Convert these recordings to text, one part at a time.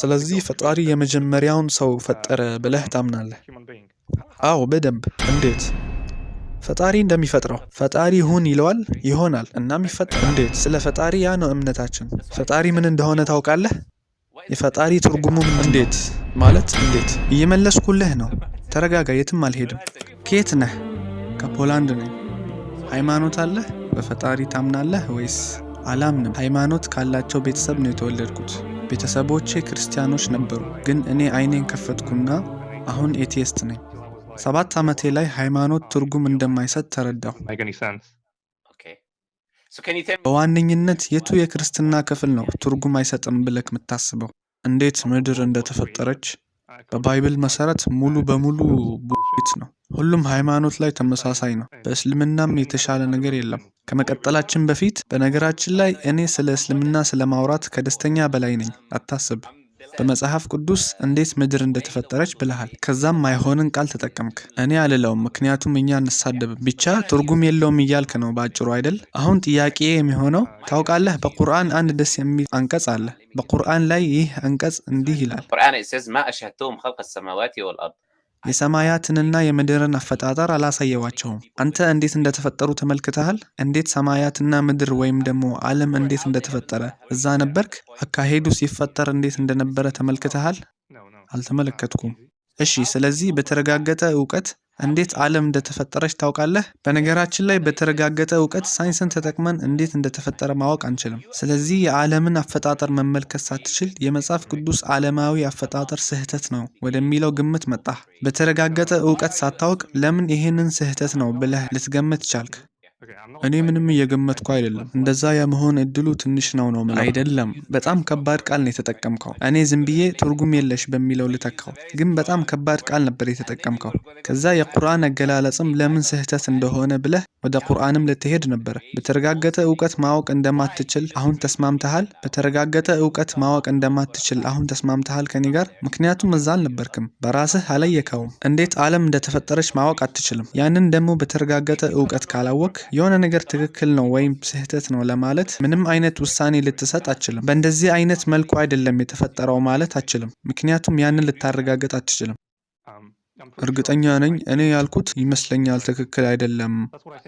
ስለዚህ ፈጣሪ የመጀመሪያውን ሰው ፈጠረ ብለህ ታምናለህ? አዎ፣ በደንብ እንዴት? ፈጣሪ እንደሚፈጥረው ፈጣሪ ሁን ይለዋል፣ ይሆናል። እና ይፈጠር። እንዴት? ስለ ፈጣሪ ያ ነው እምነታችን። ፈጣሪ ምን እንደሆነ ታውቃለህ? የፈጣሪ ትርጉሙም እንዴት ማለት እንዴት? እየመለስኩልህ ነው። ተረጋጋ፣ የትም አልሄድም። ከየት ነህ? ከፖላንድ ነኝ። ሃይማኖት አለህ? በፈጣሪ ታምናለህ ወይስ? አላምንም። ሃይማኖት ካላቸው ቤተሰብ ነው የተወለድኩት። ቤተሰቦቼ ክርስቲያኖች ነበሩ፣ ግን እኔ አይኔን ከፈትኩና አሁን ኤቴስት ነኝ። ሰባት ዓመቴ ላይ ሃይማኖት ትርጉም እንደማይሰጥ ተረዳሁ። በዋነኝነት የቱ የክርስትና ክፍል ነው ትርጉም አይሰጥም ብለህ የምታስበው? እንዴት ምድር እንደተፈጠረች በባይብል መሰረት ሙሉ በሙሉ ቡት ነው። ሁሉም ሃይማኖት ላይ ተመሳሳይ ነው። በእስልምናም የተሻለ ነገር የለም። ከመቀጠላችን በፊት በነገራችን ላይ እኔ ስለ እስልምና ስለ ማውራት ከደስተኛ በላይ ነኝ። አታስብ። በመጽሐፍ ቅዱስ እንዴት ምድር እንደተፈጠረች ብለሃል። ከዛም አይሆንን ቃል ተጠቀምክ። እኔ አልለውም፣ ምክንያቱም እኛ እንሳደብም፣ ብቻ ትርጉም የለውም እያልክ ነው በአጭሩ አይደል? አሁን ጥያቄ የሚሆነው ታውቃለህ፣ በቁርአን አንድ ደስ የሚል አንቀጽ አለ በቁርአን ላይ ይህ አንቀጽ እንዲህ ይላል፣ የሰማያትንና የምድርን አፈጣጠር አላሳየዋቸውም። አንተ እንዴት እንደተፈጠሩ ተመልክተሃል? እንዴት ሰማያትና ምድር ወይም ደግሞ ዓለም እንዴት እንደተፈጠረ እዛ ነበርክ? አካሄዱ ሲፈጠር እንዴት እንደነበረ ተመልክተሃል? አልተመለከትኩም። እሺ፣ ስለዚህ በተረጋገጠ እውቀት እንዴት ዓለም እንደተፈጠረች ታውቃለህ? በነገራችን ላይ በተረጋገጠ እውቀት ሳይንስን ተጠቅመን እንዴት እንደተፈጠረ ማወቅ አንችልም። ስለዚህ የዓለምን አፈጣጠር መመልከት ሳትችል የመጽሐፍ ቅዱስ ዓለማዊ አፈጣጠር ስህተት ነው ወደሚለው ግምት መጣህ። በተረጋገጠ እውቀት ሳታውቅ ለምን ይህንን ስህተት ነው ብለህ ልትገምት ቻልክ? እኔ ምንም እየገመትኩ አይደለም። እንደዛ የመሆን እድሉ ትንሽ ነው ነው ምለው። አይደለም፣ በጣም ከባድ ቃል ነው የተጠቀምከው። እኔ ዝም ብዬ ትርጉም የለሽ በሚለው ልተካው፣ ግን በጣም ከባድ ቃል ነበር የተጠቀምከው። ከዛ የቁርአን አገላለጽም ለምን ስህተት እንደሆነ ብለህ ወደ ቁርአንም ልትሄድ ነበር። በተረጋገጠ እውቀት ማወቅ እንደማትችል አሁን ተስማምተሃል። በተረጋገጠ እውቀት ማወቅ እንደማትችል አሁን ተስማምተሃል ከኔ ጋር። ምክንያቱም እዛ አልነበርክም፣ በራስህ አለየከውም። እንዴት ዓለም እንደተፈጠረች ማወቅ አትችልም። ያንን ደግሞ በተረጋገጠ እውቀት ካላወቅ የሆነ ነገር ትክክል ነው ወይም ስህተት ነው ለማለት ምንም አይነት ውሳኔ ልትሰጥ አትችልም። በእንደዚህ አይነት መልኩ አይደለም የተፈጠረው ማለት አትችልም። ምክንያቱም ያንን ልታረጋገጥ አትችልም። um, እርግጠኛ ነኝ እኔ ያልኩት ይመስለኛል ትክክል አይደለም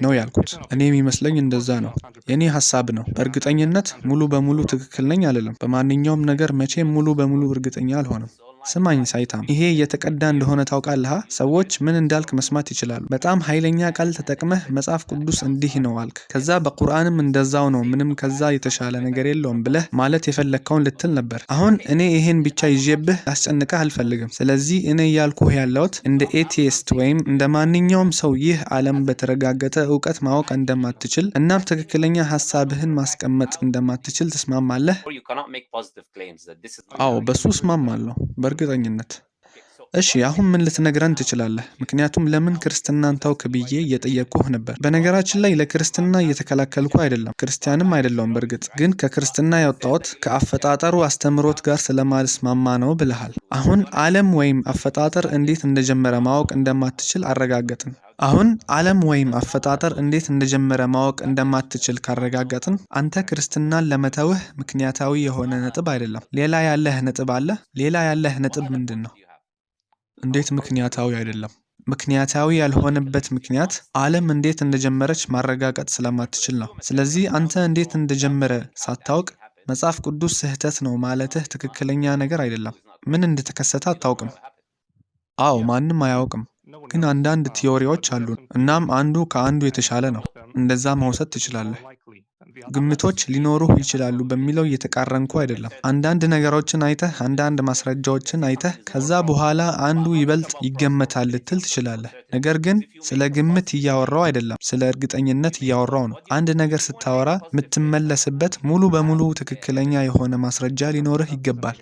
ነው ያልኩት። እኔ የሚመስለኝ እንደዛ ነው፣ የእኔ ሀሳብ ነው። በእርግጠኝነት ሙሉ በሙሉ ትክክል ነኝ አልልም። በማንኛውም ነገር መቼም ሙሉ በሙሉ እርግጠኛ አልሆንም። ስማኝ ሳይታም፣ ይሄ የተቀዳ እንደሆነ ታውቃለህ። ሰዎች ምን እንዳልክ መስማት ይችላሉ። በጣም ኃይለኛ ቃል ተጠቅመህ መጽሐፍ ቅዱስ እንዲህ ነው አልክ፣ ከዛ በቁርአንም እንደዛው ነው፣ ምንም ከዛ የተሻለ ነገር የለውም ብለህ ማለት የፈለግከውን ልትል ነበር። አሁን እኔ ይሄን ብቻ ይዤብህ ላስጨንቀህ አልፈልግም። ስለዚህ እኔ እያልኩህ ያለሁት እንደ ኤቲስት ወይም እንደ ማንኛውም ሰው ይህ ዓለም በተረጋገጠ እውቀት ማወቅ እንደማትችል እናም ትክክለኛ ሀሳብህን ማስቀመጥ እንደማትችል ትስማማለህ? አዎ፣ በሱ እስማማለሁ። እርግጠኝነት እሺ አሁን ምን ልትነግረን ትችላለህ? ምክንያቱም ለምን ክርስትናን ታውክ ብዬ እየጠየቅኩህ ነበር። በነገራችን ላይ ለክርስትና እየተከላከልኩ አይደለም፣ ክርስቲያንም አይደለውም። በእርግጥ ግን ከክርስትና ያወጣሁት ከአፈጣጠሩ አስተምሮት ጋር ስለማልስማማ ነው ብለሃል። አሁን ዓለም ወይም አፈጣጠር እንዴት እንደጀመረ ማወቅ እንደማትችል አረጋገጥን። አሁን ዓለም ወይም አፈጣጠር እንዴት እንደጀመረ ማወቅ እንደማትችል ካረጋገጥን አንተ ክርስትናን ለመተውህ ምክንያታዊ የሆነ ነጥብ አይደለም። ሌላ ያለህ ነጥብ አለ። ሌላ ያለህ ነጥብ ምንድን ነው? እንዴት ምክንያታዊ አይደለም። ምክንያታዊ ያልሆነበት ምክንያት ዓለም እንዴት እንደጀመረች ማረጋገጥ ስለማትችል ነው። ስለዚህ አንተ እንዴት እንደጀመረ ሳታውቅ መጽሐፍ ቅዱስ ስህተት ነው ማለትህ ትክክለኛ ነገር አይደለም። ምን እንደተከሰተ አታውቅም። አዎ ማንም አያውቅም፣ ግን አንዳንድ ቲዮሪዎች አሉ። እናም አንዱ ከአንዱ የተሻለ ነው። እንደዛ መውሰድ ትችላለህ። ግምቶች ሊኖሩህ ይችላሉ በሚለው እየተቃረንኩ አይደለም። አንዳንድ ነገሮችን አይተህ አንዳንድ ማስረጃዎችን አይተህ ከዛ በኋላ አንዱ ይበልጥ ይገመታል ልትል ትችላለህ። ነገር ግን ስለ ግምት እያወራው አይደለም፣ ስለ እርግጠኝነት እያወራው ነው። አንድ ነገር ስታወራ የምትመለስበት ሙሉ በሙሉ ትክክለኛ የሆነ ማስረጃ ሊኖርህ ይገባል።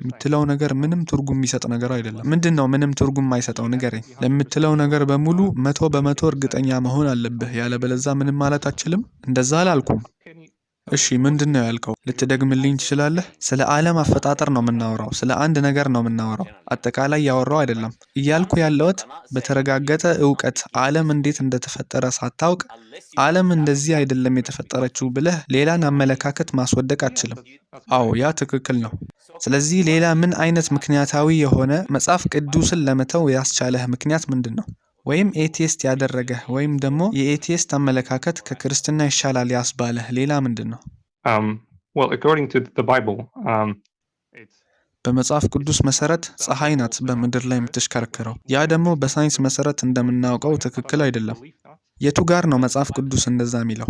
የምትለው ነገር ምንም ትርጉም የሚሰጥ ነገር አይደለም። ምንድን ነው ምንም ትርጉም የማይሰጠው ንገረኝ? ለምትለው ነገር በሙሉ መቶ በመቶ እርግጠኛ መሆን አለብህ፣ ያለበለዛ ምንም ማለት አችልም። እንደዛ አላልኩም። እሺ ምንድን ነው ያልከው? ልትደግምልኝ ትችላለህ? ስለ ዓለም አፈጣጠር ነው የምናወራው። ስለ አንድ ነገር ነው የምናወራው። አጠቃላይ ያወራው አይደለም እያልኩ ያለሁት በተረጋገጠ እውቀት ዓለም እንዴት እንደተፈጠረ ሳታውቅ ዓለም እንደዚህ አይደለም የተፈጠረችው ብለህ ሌላን አመለካከት ማስወደቅ አትችልም። አዎ ያ ትክክል ነው። ስለዚህ ሌላ ምን አይነት ምክንያታዊ የሆነ መጽሐፍ ቅዱስን ለመተው ያስቻለህ ምክንያት ምንድን ነው? ወይም ኤቲስት ያደረገ ወይም ደግሞ የኤቲስት አመለካከት ከክርስትና ይሻላል ያስባለ ሌላ ምንድን ነው? Um, um, በመጽሐፍ ቅዱስ መሰረት ፀሐይ ናት በምድር ላይ የምትሽከረክረው። ያ ደግሞ በሳይንስ መሰረት እንደምናውቀው ትክክል አይደለም። የቱ ጋር ነው መጽሐፍ ቅዱስ እንደዛ የሚለው?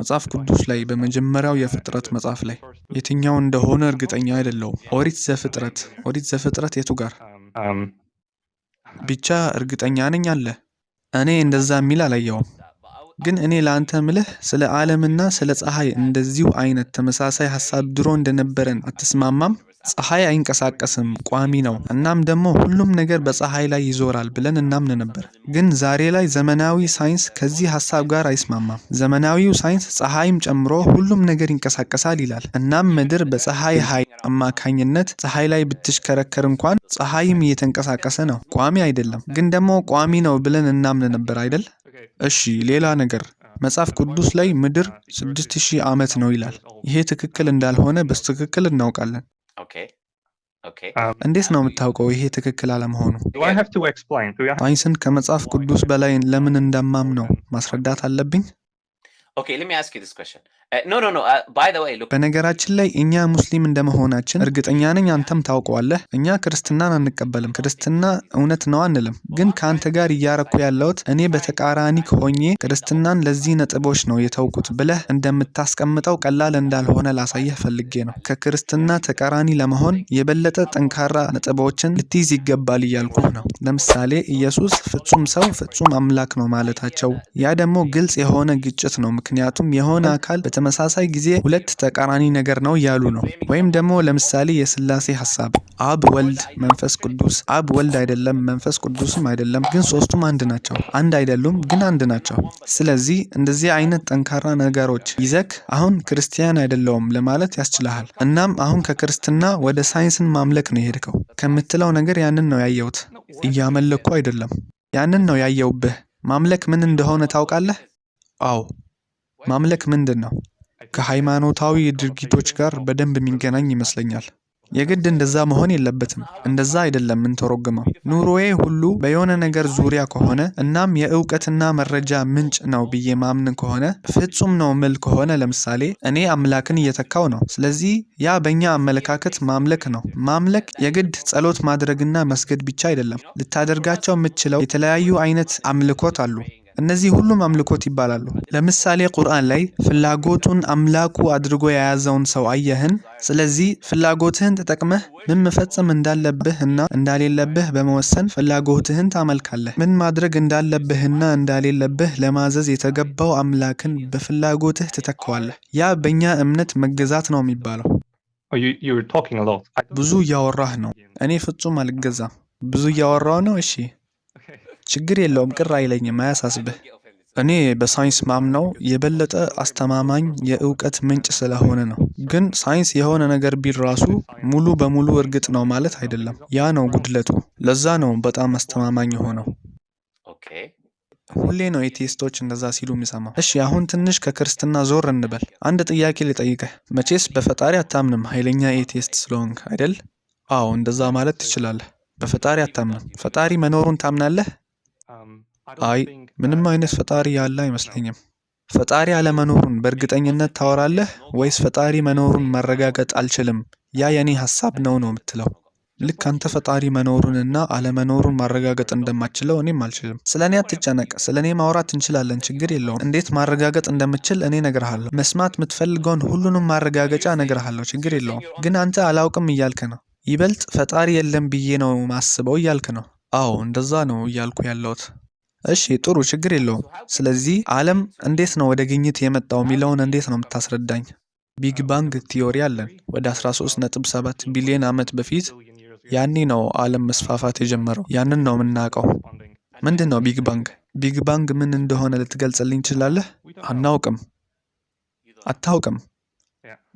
መጽሐፍ ቅዱስ ላይ በመጀመሪያው የፍጥረት መጽሐፍ ላይ የትኛው እንደሆነ እርግጠኛ አይደለውም። ኦሪት ዘፍጥረት ኦሪት ዘፍጥረት የቱ ጋር um, ብቻ እርግጠኛ ነኝ አለ። እኔ እንደዛ የሚል አላየውም። ግን እኔ ለአንተ ምልህ ስለ ዓለምና ስለ ፀሐይ እንደዚሁ አይነት ተመሳሳይ ሀሳብ ድሮ እንደነበረን አትስማማም? ፀሐይ አይንቀሳቀስም፣ ቋሚ ነው። እናም ደግሞ ሁሉም ነገር በፀሐይ ላይ ይዞራል ብለን እናምን ነበር። ግን ዛሬ ላይ ዘመናዊ ሳይንስ ከዚህ ሀሳብ ጋር አይስማማም። ዘመናዊው ሳይንስ ፀሐይም ጨምሮ ሁሉም ነገር ይንቀሳቀሳል ይላል። እናም ምድር በፀሐይ ኃይል አማካኝነት ፀሐይ ላይ ብትሽከረከር እንኳን ፀሐይም እየተንቀሳቀሰ ነው፣ ቋሚ አይደለም። ግን ደግሞ ቋሚ ነው ብለን እናምን ነበር አይደል? እሺ፣ ሌላ ነገር መጽሐፍ ቅዱስ ላይ ምድር 6000 ዓመት ነው ይላል። ይሄ ትክክል እንዳልሆነ በስትክክል እናውቃለን። እንዴት ነው የምታውቀው ይሄ ትክክል አለመሆኑ? ሳይንስን ከመጽሐፍ ቅዱስ በላይ ለምን እንደማምነው ማስረዳት አለብኝ? Uh, uh, በነገራችን ላይ እኛ ሙስሊም እንደመሆናችን እርግጠኛ ነኝ አንተም ታውቀዋለህ። እኛ ክርስትናን አንቀበልም፣ ክርስትና እውነት ነው አንልም። ግን ከአንተ ጋር እያረኩ ያለሁት እኔ በተቃራኒ ከሆኜ ክርስትናን ለዚህ ነጥቦች ነው የተውኩት ብለህ እንደምታስቀምጠው ቀላል እንዳልሆነ ላሳየህ ፈልጌ ነው። ከክርስትና ተቃራኒ ለመሆን የበለጠ ጠንካራ ነጥቦችን ልትይዝ ይገባል እያልኩ ነው። ለምሳሌ ኢየሱስ ፍጹም ሰው ፍጹም አምላክ ነው ማለታቸው፣ ያ ደግሞ ግልጽ የሆነ ግጭት ነው። ምክንያቱም የሆነ አካል በተመሳሳይ ጊዜ ሁለት ተቃራኒ ነገር ነው እያሉ ነው። ወይም ደግሞ ለምሳሌ የስላሴ ሀሳብ አብ ወልድ መንፈስ ቅዱስ፣ አብ ወልድ አይደለም፣ መንፈስ ቅዱስም አይደለም፣ ግን ሶስቱም አንድ ናቸው። አንድ አይደሉም፣ ግን አንድ ናቸው። ስለዚህ እንደዚህ አይነት ጠንካራ ነገሮች ይዘክ አሁን ክርስቲያን አይደለውም ለማለት ያስችልሃል። እናም አሁን ከክርስትና ወደ ሳይንስን ማምለክ ነው የሄድከው ከምትለው ነገር ያንን ነው ያየሁት። እያመለኩ አይደለም፣ ያንን ነው ያየውብህ። ማምለክ ምን እንደሆነ ታውቃለህ? አዎ። ማምለክ ምንድን ነው? ከሃይማኖታዊ ድርጊቶች ጋር በደንብ የሚገናኝ ይመስለኛል። የግድ እንደዛ መሆን የለበትም። እንደዛ አይደለም የምንተረጉመው። ኑሮዬ ሁሉ በየሆነ ነገር ዙሪያ ከሆነ እናም የእውቀትና መረጃ ምንጭ ነው ብዬ ማምን ከሆነ ፍጹም ነው ምል ከሆነ ለምሳሌ እኔ አምላክን እየተካው ነው። ስለዚህ ያ በእኛ አመለካከት ማምለክ ነው። ማምለክ የግድ ጸሎት ማድረግና መስገድ ብቻ አይደለም። ልታደርጋቸው የምትችለው የተለያዩ አይነት አምልኮት አሉ። እነዚህ ሁሉም አምልኮት ይባላሉ። ለምሳሌ ቁርአን ላይ ፍላጎቱን አምላኩ አድርጎ የያዘውን ሰው አየህን? ስለዚህ ፍላጎትህን ተጠቅመህ ምን መፈጸም እንዳለብህ እና እንዳሌለብህ በመወሰን ፍላጎትህን ታመልካለህ። ምን ማድረግ እንዳለብህና እንዳሌለብህ ለማዘዝ የተገባው አምላክን በፍላጎትህ ትተካዋለህ። ያ በእኛ እምነት መገዛት ነው የሚባለው። oh, ብዙ እያወራህ ነው። እኔ ፍጹም አልገዛም። ብዙ እያወራው ነው። እሺ ችግር የለውም፣ ቅር አይለኝም፣ አያሳስብህ። እኔ በሳይንስ ማምነው የበለጠ አስተማማኝ የእውቀት ምንጭ ስለሆነ ነው። ግን ሳይንስ የሆነ ነገር ቢል ራሱ ሙሉ በሙሉ እርግጥ ነው ማለት አይደለም። ያ ነው ጉድለቱ። ለዛ ነው በጣም አስተማማኝ የሆነው። ሁሌ ነው የቴስቶች እንደዛ ሲሉ የሚሰማው። እሺ አሁን ትንሽ ከክርስትና ዞር እንበል። አንድ ጥያቄ ልጠይቀህ። መቼስ በፈጣሪ አታምንም ኃይለኛ ኤቴስት ስለሆንክ አይደል? አዎ እንደዛ ማለት ትችላለህ። በፈጣሪ አታምንም። ፈጣሪ መኖሩን ታምናለህ? አይ ምንም አይነት ፈጣሪ ያለ አይመስለኝም። ፈጣሪ አለመኖሩን በእርግጠኝነት ታወራለህ ወይስ ፈጣሪ መኖሩን መረጋገጥ አልችልም፣ ያ የኔ ሀሳብ ነው ነው የምትለው? ልክ አንተ ፈጣሪ መኖሩንና አለመኖሩን ማረጋገጥ እንደማችለው እኔም አልችልም። ስለ እኔ አትጨነቅ፣ ስለ እኔ ማውራት እንችላለን፣ ችግር የለውም። እንዴት ማረጋገጥ እንደምችል እኔ ነግርሃለሁ። መስማት የምትፈልገውን ሁሉንም ማረጋገጫ ነግርሃለሁ፣ ችግር የለውም። ግን አንተ አላውቅም እያልክ ነው። ይበልጥ ፈጣሪ የለም ብዬ ነው ማስበው እያልክ ነው። አዎ እንደዛ ነው እያልኩ ያለሁት። እሺ ጥሩ ችግር የለውም። ስለዚህ ዓለም እንዴት ነው ወደ ግኝት የመጣው የሚለውን እንዴት ነው የምታስረዳኝ? ቢግ ባንግ ቲዮሪ አለን። ወደ 13.7 ቢሊዮን ዓመት በፊት ያኔ ነው ዓለም መስፋፋት የጀመረው። ያንን ነው የምናውቀው። ምንድን ነው ቢግ ባንግ? ቢግ ባንግ ምን እንደሆነ ልትገልጽልኝ ትችላለህ? አናውቅም። አታውቅም።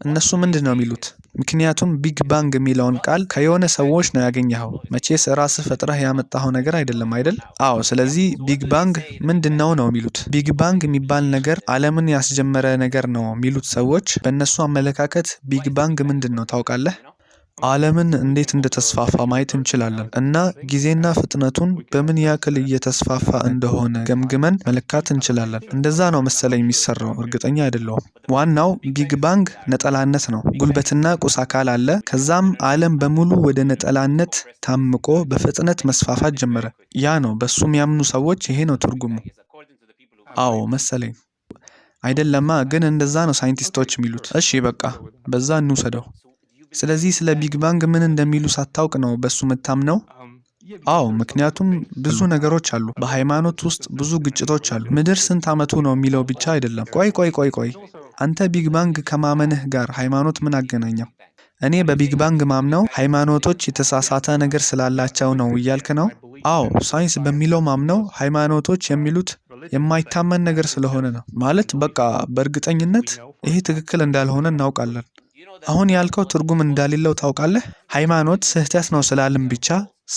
እነሱ ምንድን ነው የሚሉት? ምክንያቱም ቢግ ባንግ የሚለውን ቃል ከየሆነ ሰዎች ነው ያገኘኸው። መቼስ ራስህ ፈጥረህ ያመጣኸው ነገር አይደለም አይደል? አዎ። ስለዚህ ቢግ ባንግ ምንድን ነው ነው የሚሉት። ቢግ ባንግ የሚባል ነገር ዓለምን ያስጀመረ ነገር ነው የሚሉት ሰዎች። በእነሱ አመለካከት ቢግ ባንግ ምንድን ነው ታውቃለህ? ዓለምን እንዴት እንደተስፋፋ ማየት እንችላለን እና ጊዜና ፍጥነቱን በምን ያክል እየተስፋፋ እንደሆነ ገምግመን መለካት እንችላለን። እንደዛ ነው መሰለኝ የሚሰራው፣ እርግጠኛ አይደለሁም። ዋናው ቢግ ባንግ ነጠላነት ነው። ጉልበትና ቁስ አካል አለ። ከዛም ዓለም በሙሉ ወደ ነጠላነት ታምቆ በፍጥነት መስፋፋት ጀመረ። ያ ነው በሱ የሚያምኑ ሰዎች ይሄ ነው ትርጉሙ። አዎ መሰለኝ። አይደለማ ግን እንደዛ ነው ሳይንቲስቶች የሚሉት። እሺ በቃ በዛ እንውሰደው። ስለዚህ ስለ ቢግ ባንግ ምን እንደሚሉ ሳታውቅ ነው በእሱ የምታምነው? አዎ፣ ምክንያቱም ብዙ ነገሮች አሉ። በሃይማኖት ውስጥ ብዙ ግጭቶች አሉ። ምድር ስንት ዓመቱ ነው የሚለው ብቻ አይደለም። ቆይ ቆይ ቆይ ቆይ፣ አንተ ቢግ ባንግ ከማመንህ ጋር ሃይማኖት ምን አገናኘው? እኔ በቢግ ባንግ ማምነው ሃይማኖቶች የተሳሳተ ነገር ስላላቸው ነው እያልክ ነው? አዎ፣ ሳይንስ በሚለው ማምነው ሃይማኖቶች የሚሉት የማይታመን ነገር ስለሆነ ነው። ማለት በቃ በእርግጠኝነት ይሄ ትክክል እንዳልሆነ እናውቃለን። አሁን ያልከው ትርጉም እንዳሌለው ታውቃለህ። ሃይማኖት ስህተት ነው ስላልም ብቻ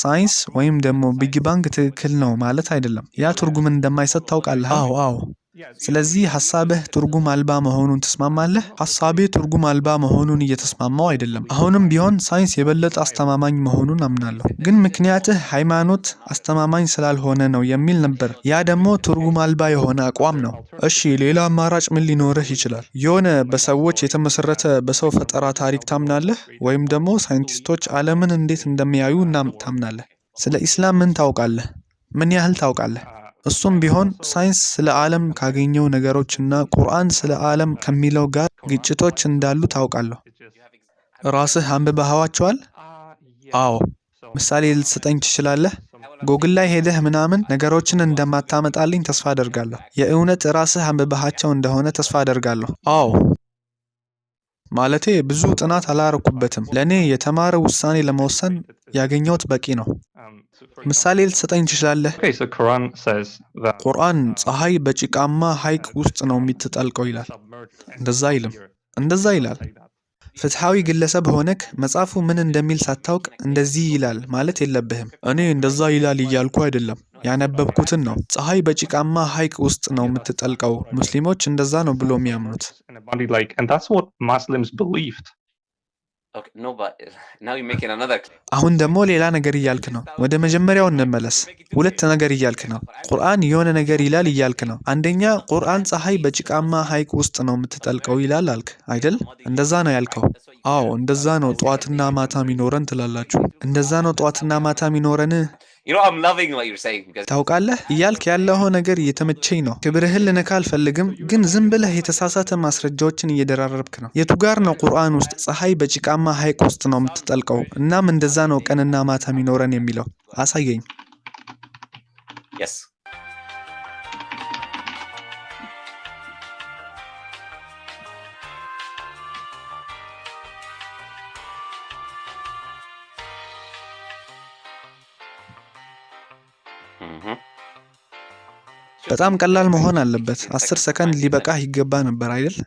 ሳይንስ ወይም ደግሞ ቢግ ባንግ ትክክል ነው ማለት አይደለም። ያ ትርጉም እንደማይሰጥ ታውቃለህ። አዎ አዎ ስለዚህ ሀሳብህ ትርጉም አልባ መሆኑን ትስማማለህ? ሀሳቤ ትርጉም አልባ መሆኑን እየተስማማው አይደለም። አሁንም ቢሆን ሳይንስ የበለጠ አስተማማኝ መሆኑን አምናለሁ። ግን ምክንያትህ ሃይማኖት አስተማማኝ ስላልሆነ ነው የሚል ነበር። ያ ደግሞ ትርጉም አልባ የሆነ አቋም ነው። እሺ፣ ሌላ አማራጭ ምን ሊኖርህ ይችላል? የሆነ በሰዎች የተመሰረተ በሰው ፈጠራ ታሪክ ታምናለህ? ወይም ደግሞ ሳይንቲስቶች ዓለምን እንዴት እንደሚያዩ እናም ታምናለህ? ስለ ኢስላም ምን ታውቃለህ? ምን ያህል ታውቃለህ? እሱም ቢሆን ሳይንስ ስለ ዓለም ካገኘው ነገሮች እና ቁርአን ስለ ዓለም ከሚለው ጋር ግጭቶች እንዳሉ ታውቃለሁ። ራስህ አንብበሃዋቸዋል? አዎ። ምሳሌ ልትሰጠኝ ትችላለህ? ጎግል ላይ ሄደህ ምናምን ነገሮችን እንደማታመጣልኝ ተስፋ አደርጋለሁ። የእውነት ራስህ አንብበሃቸው እንደሆነ ተስፋ አደርጋለሁ። አዎ። ማለቴ ብዙ ጥናት አላረኩበትም። ለእኔ የተማረ ውሳኔ ለመወሰን ያገኘሁት በቂ ነው። ምሳሌ ልትሰጠኝ ትችላለህ? ቁርአን ፀሐይ በጭቃማ ሐይቅ ውስጥ ነው የምትጠልቀው ይላል። እንደዛ አይልም። እንደዛ ይላል። ፍትሐዊ ግለሰብ ሆነክ መጽሐፉ ምን እንደሚል ሳታውቅ እንደዚህ ይላል ማለት የለብህም። እኔ እንደዛ ይላል እያልኩ አይደለም። ያነበብኩትን ነው። ፀሐይ በጭቃማ ሐይቅ ውስጥ ነው የምትጠልቀው። ሙስሊሞች እንደዛ ነው ብሎ የሚያምኑት። አሁን ደግሞ ሌላ ነገር እያልክ ነው። ወደ መጀመሪያው እንመለስ። ሁለት ነገር እያልክ ነው። ቁርአን የሆነ ነገር ይላል እያልክ ነው። አንደኛ ቁርአን ፀሐይ በጭቃማ ሐይቅ ውስጥ ነው የምትጠልቀው ይላል አልክ አይደል? እንደዛ ነው ያልከው። አዎ እንደዛ ነው ጠዋትና ማታ ሚኖረን ትላላችሁ። እንደዛ ነው ጠዋትና ማታ ሚኖረን ታውቃለህ እያልክ ያለኸው ነገር እየተመቸኝ ነው። ክብርህን ልነካ አልፈልግም፣ ግን ዝም ብለህ የተሳሳተ ማስረጃዎችን እየደራረብክ ነው። የቱ ጋር ነው ቁርአን ውስጥ ፀሐይ በጭቃማ ሐይቅ ውስጥ ነው የምትጠልቀው? እናም እንደዛ ነው ቀንና ማታ የሚኖረን የሚለው አሳየኝ። በጣም ቀላል መሆን አለበት። አስር ሰከንድ ሊበቃህ ይገባ ነበር አይደል?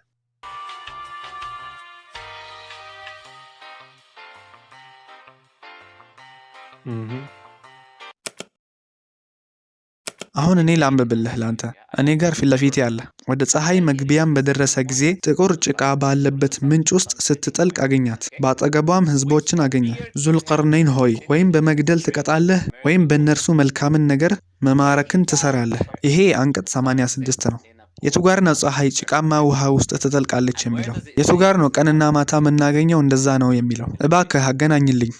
አሁን እኔ ላንብብልህ ላንተ እኔ ጋር ፊት ለፊት ያለ ወደ ፀሐይ መግቢያም በደረሰ ጊዜ ጥቁር ጭቃ ባለበት ምንጭ ውስጥ ስትጠልቅ አገኛት። በአጠገቧም ህዝቦችን አገኛ ዙልቀርነይን ሆይ ወይም በመግደል ትቀጣለህ ወይም በእነርሱ መልካምን ነገር መማረክን ትሰራለህ። ይሄ አንቀጽ 86 ነው። የቱ ጋር ነው ፀሐይ ጭቃማ ውሃ ውስጥ ትጠልቃለች የሚለው? የቱ ጋር ነው ቀንና ማታ የምናገኘው እንደዛ ነው የሚለው? እባክህ አገናኝልኝ።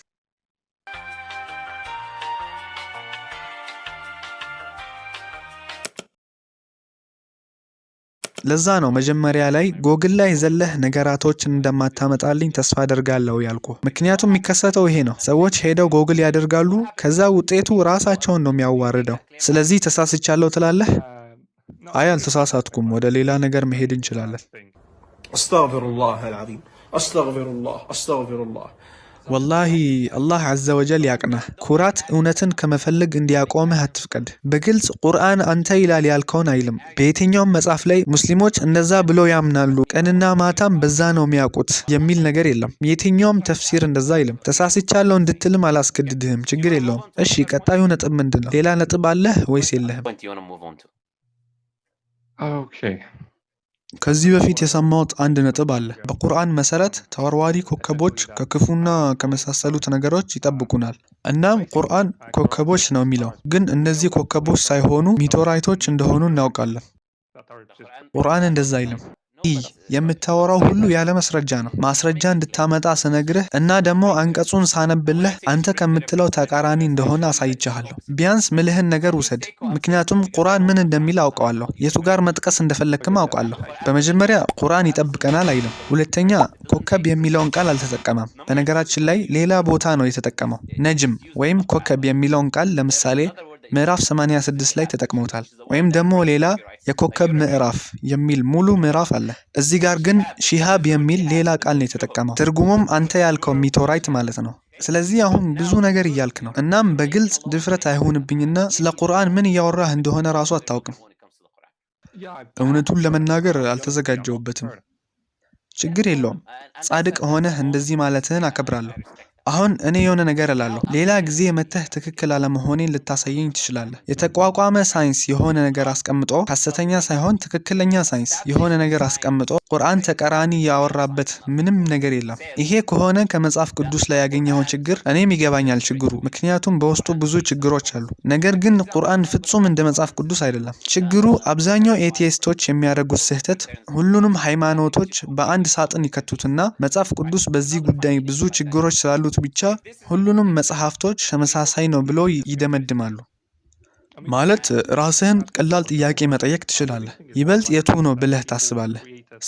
ለዛ ነው መጀመሪያ ላይ ጎግል ላይ ዘለህ ነገራቶች እንደማታመጣልኝ ተስፋ አደርጋለሁ ያልኩ። ምክንያቱም የሚከሰተው ይሄ ነው። ሰዎች ሄደው ጎግል ያደርጋሉ፣ ከዛ ውጤቱ ራሳቸውን ነው የሚያዋርደው። ስለዚህ ተሳስቻለሁ ትላለህ። አይ አልተሳሳትኩም፣ ወደ ሌላ ነገር መሄድ እንችላለን። አስተግፊሩላህ አልዓዚም አስተግፊሩላህ አስተግፊሩላህ ወላሂ አላህ አዘወጀል ያቅናህ። ኩራት እውነትን ከመፈለግ እንዲያቆምህ አትፍቀድ። በግልጽ ቁርአን አንተ ይላል ያልከውን አይልም። በየትኛውም መጽሐፍ ላይ ሙስሊሞች እንደዛ ብሎ ያምናሉ፣ ቀንና ማታም በዛ ነው የሚያውቁት የሚል ነገር የለም። የትኛውም ተፍሲር እንደዛ አይልም። ተሳስቻለሁ እንድትልም አላስገድድህም። ችግር የለውም። እሺ ቀጣዩ ነጥብ ምንድን ነው? ሌላ ነጥብ አለህ ወይስ የለህም? ከዚህ በፊት የሰማሁት አንድ ነጥብ አለ። በቁርአን መሰረት ተወርዋሪ ኮከቦች ከክፉና ከመሳሰሉት ነገሮች ይጠብቁናል። እናም ቁርአን ኮከቦች ነው የሚለው፣ ግን እነዚህ ኮከቦች ሳይሆኑ ሚቶራይቶች እንደሆኑ እናውቃለን። ቁርአን እንደዛ አይልም። ኢይ የምታወራው ሁሉ ያለ ማስረጃ ነው። ማስረጃ እንድታመጣ ስነግርህ እና ደግሞ አንቀጹን ሳነብልህ አንተ ከምትለው ተቃራኒ እንደሆነ አሳይቻለሁ። ቢያንስ ምልህን ነገር ውሰድ፣ ምክንያቱም ቁርአን ምን እንደሚል አውቀዋለሁ። የቱ ጋር መጥቀስ እንደፈለግክም አውቃለሁ። በመጀመሪያ ቁርአን ይጠብቀናል አይልም። ሁለተኛ ኮከብ የሚለውን ቃል አልተጠቀመም። በነገራችን ላይ ሌላ ቦታ ነው የተጠቀመው። ነጅም ወይም ኮከብ የሚለውን ቃል ለምሳሌ ምዕራፍ 86 ላይ ተጠቅመውታል። ወይም ደግሞ ሌላ የኮከብ ምዕራፍ የሚል ሙሉ ምዕራፍ አለ። እዚህ ጋር ግን ሺሃብ የሚል ሌላ ቃል ነው የተጠቀመው። ትርጉሙም አንተ ያልከው ሚቶራይት ማለት ነው። ስለዚህ አሁን ብዙ ነገር እያልክ ነው። እናም በግልጽ ድፍረት አይሆንብኝና ስለ ቁርአን ምን እያወራህ እንደሆነ ራሱ አታውቅም። እውነቱን ለመናገር አልተዘጋጀውበትም። ችግር የለውም። ጻድቅ ሆነህ እንደዚህ ማለትህን አከብራለሁ። አሁን እኔ የሆነ ነገር እላለሁ፣ ሌላ ጊዜ መተህ ትክክል አለመሆኔን ልታሳየኝ ትችላለህ። የተቋቋመ ሳይንስ የሆነ ነገር አስቀምጦ ሐሰተኛ ሳይሆን ትክክለኛ ሳይንስ የሆነ ነገር አስቀምጦ ቁርአን ተቀራኒ ያወራበት ምንም ነገር የለም። ይሄ ከሆነ ከመጽሐፍ ቅዱስ ላይ ያገኘውን ችግር እኔም ይገባኛል ችግሩ፣ ምክንያቱም በውስጡ ብዙ ችግሮች አሉ። ነገር ግን ቁርአን ፍጹም እንደ መጽሐፍ ቅዱስ አይደለም። ችግሩ አብዛኛው ኤቲስቶች የሚያደርጉት ስህተት ሁሉንም ሃይማኖቶች በአንድ ሳጥን ይከቱትና መጽሐፍ ቅዱስ በዚህ ጉዳይ ብዙ ችግሮች ስላሉት ብቻ ሁሉንም መጽሐፍቶች ተመሳሳይ ነው ብለው ይደመድማሉ ማለት ራስህን ቀላል ጥያቄ መጠየቅ ትችላለህ። ይበልጥ የቱ ነው ብለህ ታስባለህ?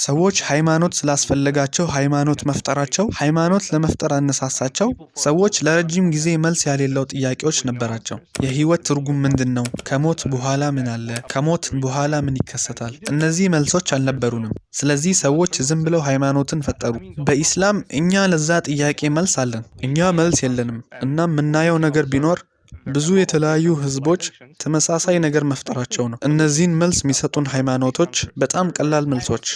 ሰዎች ሃይማኖት ስላስፈለጋቸው ሃይማኖት መፍጠራቸው ሃይማኖት ለመፍጠር አነሳሳቸው? ሰዎች ለረጅም ጊዜ መልስ ያሌለው ጥያቄዎች ነበራቸው። የህይወት ትርጉም ምንድን ነው? ከሞት በኋላ ምን አለ? ከሞት በኋላ ምን ይከሰታል? እነዚህ መልሶች አልነበሩንም። ስለዚህ ሰዎች ዝም ብለው ሃይማኖትን ፈጠሩ። በኢስላም እኛ ለዛ ጥያቄ መልስ አለን። እኛ መልስ የለንም እና የምናየው ነገር ቢኖር ብዙ የተለያዩ ህዝቦች ተመሳሳይ ነገር መፍጠራቸው ነው። እነዚህን መልስ የሚሰጡን ሃይማኖቶች በጣም ቀላል መልሶች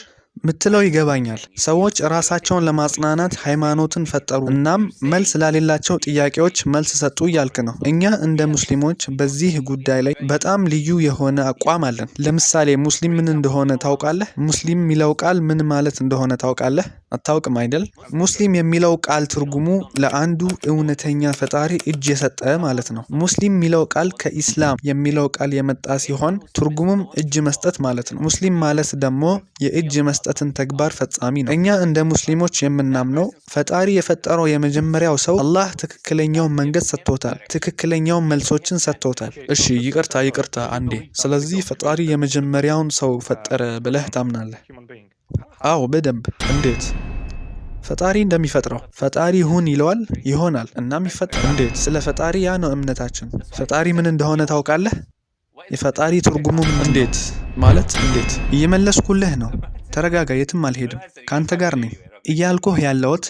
ምትለው ይገባኛል። ሰዎች ራሳቸውን ለማጽናናት ሃይማኖትን ፈጠሩ፣ እናም መልስ ላሌላቸው ጥያቄዎች መልስ ሰጡ እያልክ ነው። እኛ እንደ ሙስሊሞች በዚህ ጉዳይ ላይ በጣም ልዩ የሆነ አቋም አለን። ለምሳሌ ሙስሊም ምን እንደሆነ ታውቃለህ? ሙስሊም የሚለው ቃል ምን ማለት እንደሆነ ታውቃለህ? አታውቅም አይደል? ሙስሊም የሚለው ቃል ትርጉሙ ለአንዱ እውነተኛ ፈጣሪ እጅ የሰጠ ማለት ነው። ሙስሊም የሚለው ቃል ከኢስላም የሚለው ቃል የመጣ ሲሆን ትርጉሙም እጅ መስጠት ማለት ነው። ሙስሊም ማለት ደግሞ የእጅ መስጠትን ተግባር ፈጻሚ ነው። እኛ እንደ ሙስሊሞች የምናምነው ፈጣሪ የፈጠረው የመጀመሪያው ሰው አላህ ትክክለኛውን መንገድ ሰጥቶታል፣ ትክክለኛውን መልሶችን ሰጥቶታል። እሺ ይቅርታ ይቅርታ አንዴ። ስለዚህ ፈጣሪ የመጀመሪያውን ሰው ፈጠረ ብለህ ታምናለህ? አዎ በደንብ እንዴት ፈጣሪ እንደሚፈጥረው ፈጣሪ ሁን ይለዋል ይሆናል። እና የሚፈጥረው እንዴት ስለ ፈጣሪ ያ ነው እምነታችን። ፈጣሪ ምን እንደሆነ ታውቃለህ? የፈጣሪ ትርጉሙ እንዴት ማለት እንዴት? እየመለስኩልህ ነው። ተረጋጋ፣ የትም አልሄድም፣ ከአንተ ጋር ነኝ። እያልኩህ ያለሁት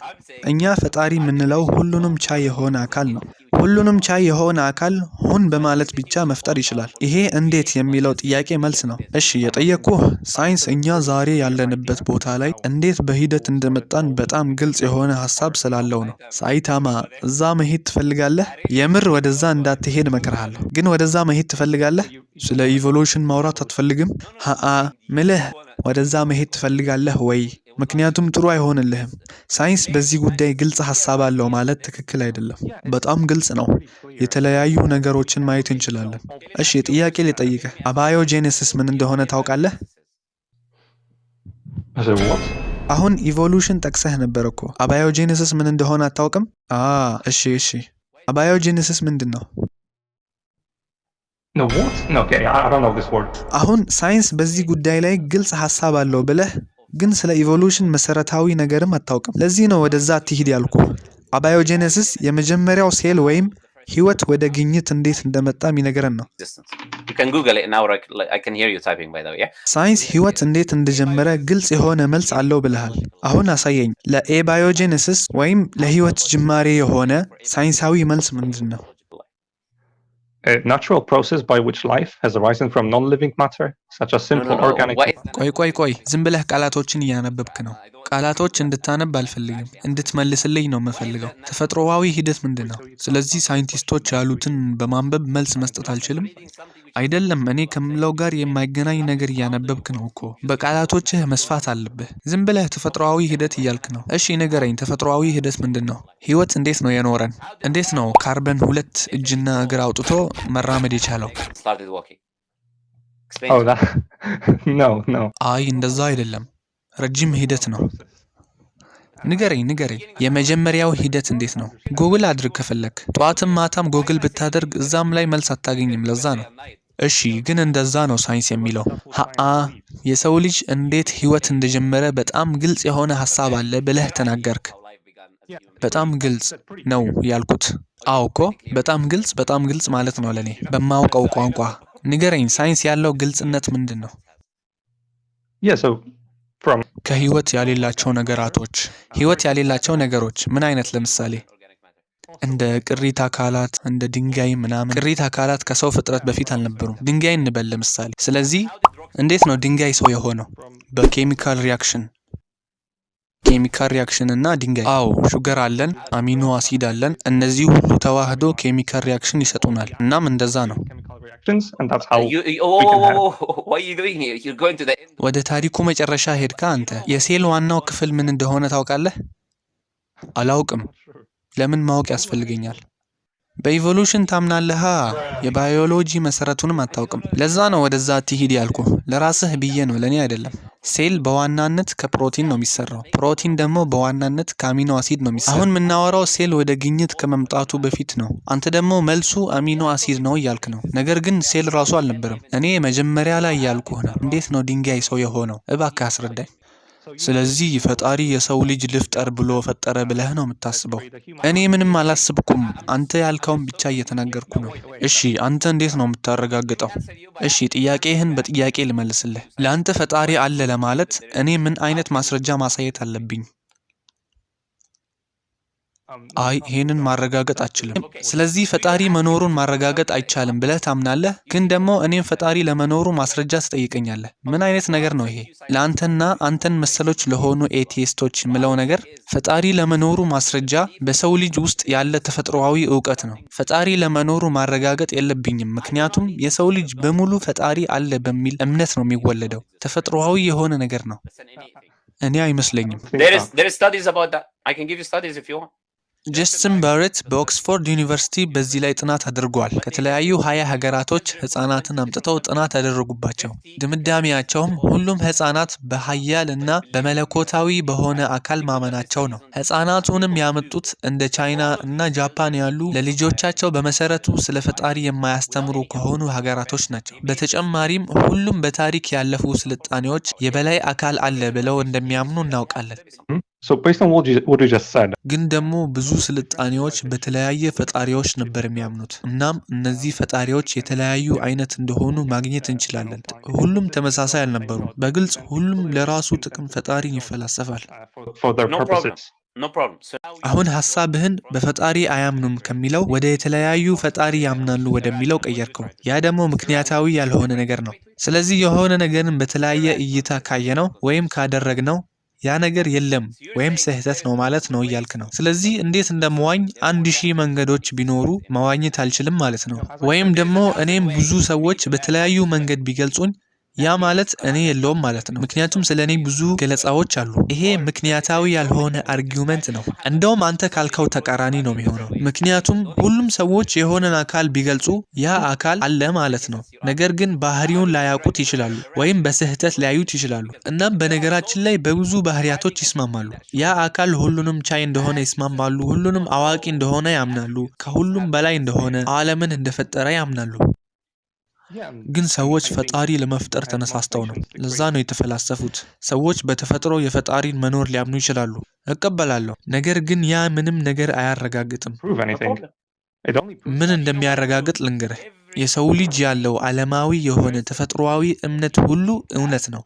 እኛ ፈጣሪ የምንለው ሁሉንም ቻይ የሆነ አካል ነው። ሁሉንም ቻይ የሆነ አካል ሁን በማለት ብቻ መፍጠር ይችላል። ይሄ እንዴት የሚለው ጥያቄ መልስ ነው። እሺ የጠየቅኩህ ሳይንስ እኛ ዛሬ ያለንበት ቦታ ላይ እንዴት በሂደት እንደመጣን በጣም ግልጽ የሆነ ሀሳብ ስላለው ነው። ሳይታማ እዛ መሄድ ትፈልጋለህ? የምር ወደዛ እንዳትሄድ መክርሃለሁ። ግን ወደዛ መሄድ ትፈልጋለህ? ስለ ኢቮሉሽን ማውራት አትፈልግም? ሀአ ምልህ ወደዛ መሄድ ትፈልጋለህ ወይ? ምክንያቱም ጥሩ አይሆንልህም። ሳይንስ በዚህ ጉዳይ ግልጽ ሀሳብ አለው ማለት ትክክል አይደለም። በጣም ግልጽ ነው። የተለያዩ ነገሮችን ማየት እንችላለን። እሺ፣ ጥያቄ ልጠይቅህ፣ አባዮጄኔሲስ ምን እንደሆነ ታውቃለህ? አሁን ኢቮሉሽን ጠቅሰህ ነበር እኮ። አባዮጄኔሲስ ምን እንደሆነ አታውቅም? እሺ፣ እሺ። አባዮጄኔሲስ ምንድን ነው? አሁን ሳይንስ በዚህ ጉዳይ ላይ ግልጽ ሀሳብ አለው ብለህ ግን ስለ ኢቮሉሽን መሰረታዊ ነገርም አታውቅም። ለዚህ ነው ወደዛ አትሂድ ያልኩ። አባዮጄኔሲስ የመጀመሪያው ሴል ወይም ህይወት ወደ ግኝት እንዴት እንደመጣ የሚነገረን ነው። ሳይንስ ህይወት እንዴት እንደጀመረ ግልጽ የሆነ መልስ አለው ብለሃል። አሁን አሳየኝ። ለኤባዮጄኔሲስ ወይም ለህይወት ጅማሬ የሆነ ሳይንሳዊ መልስ ምንድን ነው? a natural process by which life has arisen from non-living matter, such as simple organic... ቆይ ቆይ ቆይ ዝም ብለህ ቃላቶችን እያነበብክ ነው። ቃላቶች እንድታነብ አልፈልግም፣ እንድትመልስልኝ ነው የምፈልገው። ተፈጥሮዋዊ ሂደት ምንድን ነው? ስለዚህ ሳይንቲስቶች ያሉትን በማንበብ መልስ መስጠት አልችልም? አይደለም፣ እኔ ከምለው ጋር የማይገናኝ ነገር እያነበብክ ነው እኮ። በቃላቶችህ መስፋት አለብህ። ዝም ብለህ ተፈጥሮዊ ሂደት እያልክ ነው። እሺ ንገረኝ፣ ተፈጥሮዊ ሂደት ምንድን ነው? ህይወት እንዴት ነው የኖረን? እንዴት ነው ካርበን ሁለት እጅና እግር አውጥቶ መራመድ የቻለው? Oh, አይ እንደዛ አይደለም። ረጅም ሂደት ነው። ንገረኝ ንገረኝ፣ የመጀመሪያው ሂደት እንዴት ነው? ጎግል አድርግ ከፈለግ፣ ጠዋትም ማታም ጎግል ብታደርግ እዛም ላይ መልስ አታገኝም። ለዛ ነው። እሺ፣ ግን እንደዛ ነው ሳይንስ የሚለው። ሀአ የሰው ልጅ እንዴት ህይወት እንደጀመረ በጣም ግልጽ የሆነ ሀሳብ አለ ብለህ ተናገርክ። በጣም ግልጽ ነው ያልኩት። አዎ እኮ በጣም ግልጽ፣ በጣም ግልጽ ማለት ነው ለእኔ በማውቀው ቋንቋ። ንገረኝ፣ ሳይንስ ያለው ግልጽነት ምንድን ነው? ከህይወት ያሌላቸው ነገራቶች ህይወት ያሌላቸው ነገሮች ምን አይነት? ለምሳሌ እንደ ቅሪት አካላት እንደ ድንጋይ ምናምን። ቅሪት አካላት ከሰው ፍጥረት በፊት አልነበሩም። ድንጋይ እንበል ለምሳሌ። ስለዚህ እንዴት ነው ድንጋይ ሰው የሆነው? በኬሚካል ሪያክሽን ኬሚካል ሪያክሽን እና ድንጋይ። አዎ ሹገር አለን፣ አሚኖ አሲድ አለን። እነዚህ ሁሉ ተዋህዶ ኬሚካል ሪያክሽን ይሰጡናል። እናም እንደዛ ነው። actions and that's how you, you, oh, we can have. Oh, what are you doing here? You're going to the end. ወደ ታሪኩ መጨረሻ ሄድካ አንተ። የሴል ዋናው ክፍል ምን እንደሆነ ታውቃለህ? አላውቅም። ለምን ማወቅ ያስፈልገኛል? በኢቮሉሽን ታምናለሃ። የባዮሎጂ መሰረቱንም አታውቅም። ለዛ ነው ወደዛ ትሂድ ያልኩ። ለራስህ ብዬ ነው፣ ለእኔ አይደለም። ሴል በዋናነት ከፕሮቲን ነው የሚሰራው። ፕሮቲን ደግሞ በዋናነት ከአሚኖ አሲድ ነው የሚሰራው። አሁን የምናወራው ሴል ወደ ግኝት ከመምጣቱ በፊት ነው። አንተ ደግሞ መልሱ አሚኖ አሲድ ነው እያልክ ነው። ነገር ግን ሴል ራሱ አልነበረም። እኔ መጀመሪያ ላይ እያልኩህ ነው። እንዴት ነው ድንጋይ ሰው የሆነው? እባክህ አስረዳኝ። ስለዚህ ፈጣሪ የሰው ልጅ ልፍጠር ብሎ ፈጠረ ብለህ ነው የምታስበው? እኔ ምንም አላስብኩም። አንተ ያልከውን ብቻ እየተናገርኩ ነው። እሺ፣ አንተ እንዴት ነው የምታረጋግጠው? እሺ፣ ጥያቄህን በጥያቄ ልመልስልህ። ለአንተ ፈጣሪ አለ ለማለት እኔ ምን አይነት ማስረጃ ማሳየት አለብኝ? አይ ይህንን ማረጋገጥ አችልም፣ ስለዚህ ፈጣሪ መኖሩን ማረጋገጥ አይቻልም ብለህ ታምናለህ። ግን ደግሞ እኔም ፈጣሪ ለመኖሩ ማስረጃ ትጠይቀኛለህ። ምን አይነት ነገር ነው ይሄ? ለአንተና አንተን መሰሎች ለሆኑ ኤቴስቶች የምለው ነገር ፈጣሪ ለመኖሩ ማስረጃ በሰው ልጅ ውስጥ ያለ ተፈጥሮዊ እውቀት ነው። ፈጣሪ ለመኖሩ ማረጋገጥ የለብኝም፣ ምክንያቱም የሰው ልጅ በሙሉ ፈጣሪ አለ በሚል እምነት ነው የሚወለደው። ተፈጥሮዊ የሆነ ነገር ነው። እኔ አይመስለኝም። ጀስትን በሬት በኦክስፎርድ ዩኒቨርሲቲ በዚህ ላይ ጥናት አድርጓል። ከተለያዩ ሀያ ሀገራቶች ህጻናትን አምጥተው ጥናት ያደረጉባቸው። ድምዳሜያቸውም ሁሉም ህጻናት በሀያል እና በመለኮታዊ በሆነ አካል ማመናቸው ነው። ህጻናቱንም ያመጡት እንደ ቻይና እና ጃፓን ያሉ ለልጆቻቸው በመሰረቱ ስለ ፈጣሪ የማያስተምሩ ከሆኑ ሀገራቶች ናቸው። በተጨማሪም ሁሉም በታሪክ ያለፉ ስልጣኔዎች የበላይ አካል አለ ብለው እንደሚያምኑ እናውቃለን። ግን ደግሞ ብዙ ስልጣኔዎች በተለያየ ፈጣሪዎች ነበር የሚያምኑት። እናም እነዚህ ፈጣሪዎች የተለያዩ አይነት እንደሆኑ ማግኘት እንችላለን። ሁሉም ተመሳሳይ አልነበሩም። በግልጽ ሁሉም ለራሱ ጥቅም ፈጣሪን ይፈላሰፋል። አሁን ሀሳብህን በፈጣሪ አያምኑም ከሚለው ወደ የተለያዩ ፈጣሪ ያምናሉ ወደሚለው ቀየርከው። ያ ደግሞ ምክንያታዊ ያልሆነ ነገር ነው። ስለዚህ የሆነ ነገርን በተለያየ እይታ ካየነው ወይም ካደረግነው ያ ነገር የለም ወይም ስህተት ነው ማለት ነው እያልክ ነው። ስለዚህ እንዴት እንደመዋኝ አንድ ሺህ መንገዶች ቢኖሩ መዋኘት አልችልም ማለት ነው። ወይም ደግሞ እኔም ብዙ ሰዎች በተለያዩ መንገድ ቢገልጹኝ ያ ማለት እኔ የለውም ማለት ነው። ምክንያቱም ስለ እኔ ብዙ ገለጻዎች አሉ። ይሄ ምክንያታዊ ያልሆነ አርጊመንት ነው። እንደውም አንተ ካልከው ተቃራኒ ነው የሚሆነው። ምክንያቱም ሁሉም ሰዎች የሆነን አካል ቢገልጹ ያ አካል አለ ማለት ነው። ነገር ግን ባህሪውን ላያውቁት ይችላሉ ወይም በስህተት ሊያዩት ይችላሉ። እናም በነገራችን ላይ በብዙ ባህሪያቶች ይስማማሉ። ያ አካል ሁሉንም ቻይ እንደሆነ ይስማማሉ። ሁሉንም አዋቂ እንደሆነ ያምናሉ። ከሁሉም በላይ እንደሆነ ዓለምን እንደፈጠረ ያምናሉ። ግን ሰዎች ፈጣሪ ለመፍጠር ተነሳስተው ነው። ለዛ ነው የተፈላሰፉት። ሰዎች በተፈጥሮ የፈጣሪን መኖር ሊያምኑ ይችላሉ፣ እቀበላለሁ። ነገር ግን ያ ምንም ነገር አያረጋግጥም። ምን እንደሚያረጋግጥ ልንገርህ። የሰው ልጅ ያለው ዓለማዊ የሆነ ተፈጥሮዊ እምነት ሁሉ እውነት ነው።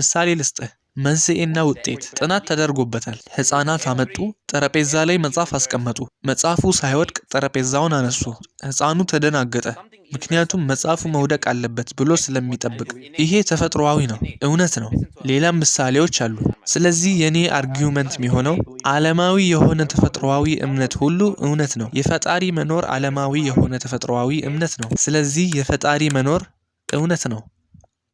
ምሳሌ ልስጥህ። መንስኤና ውጤት ጥናት ተደርጎበታል። ህፃናት አመጡ፣ ጠረጴዛ ላይ መጽሐፍ አስቀመጡ። መጽሐፉ ሳይወድቅ ጠረጴዛውን አነሱ። ህፃኑ ተደናገጠ፣ ምክንያቱም መጽሐፉ መውደቅ አለበት ብሎ ስለሚጠብቅ። ይሄ ተፈጥሯዊ ነው፣ እውነት ነው። ሌላም ምሳሌዎች አሉ። ስለዚህ የኔ አርጊውመንት የሚሆነው ዓለማዊ የሆነ ተፈጥሯዊ እምነት ሁሉ እውነት ነው። የፈጣሪ መኖር ዓለማዊ የሆነ ተፈጥሯዊ እምነት ነው። ስለዚህ የፈጣሪ መኖር እውነት ነው።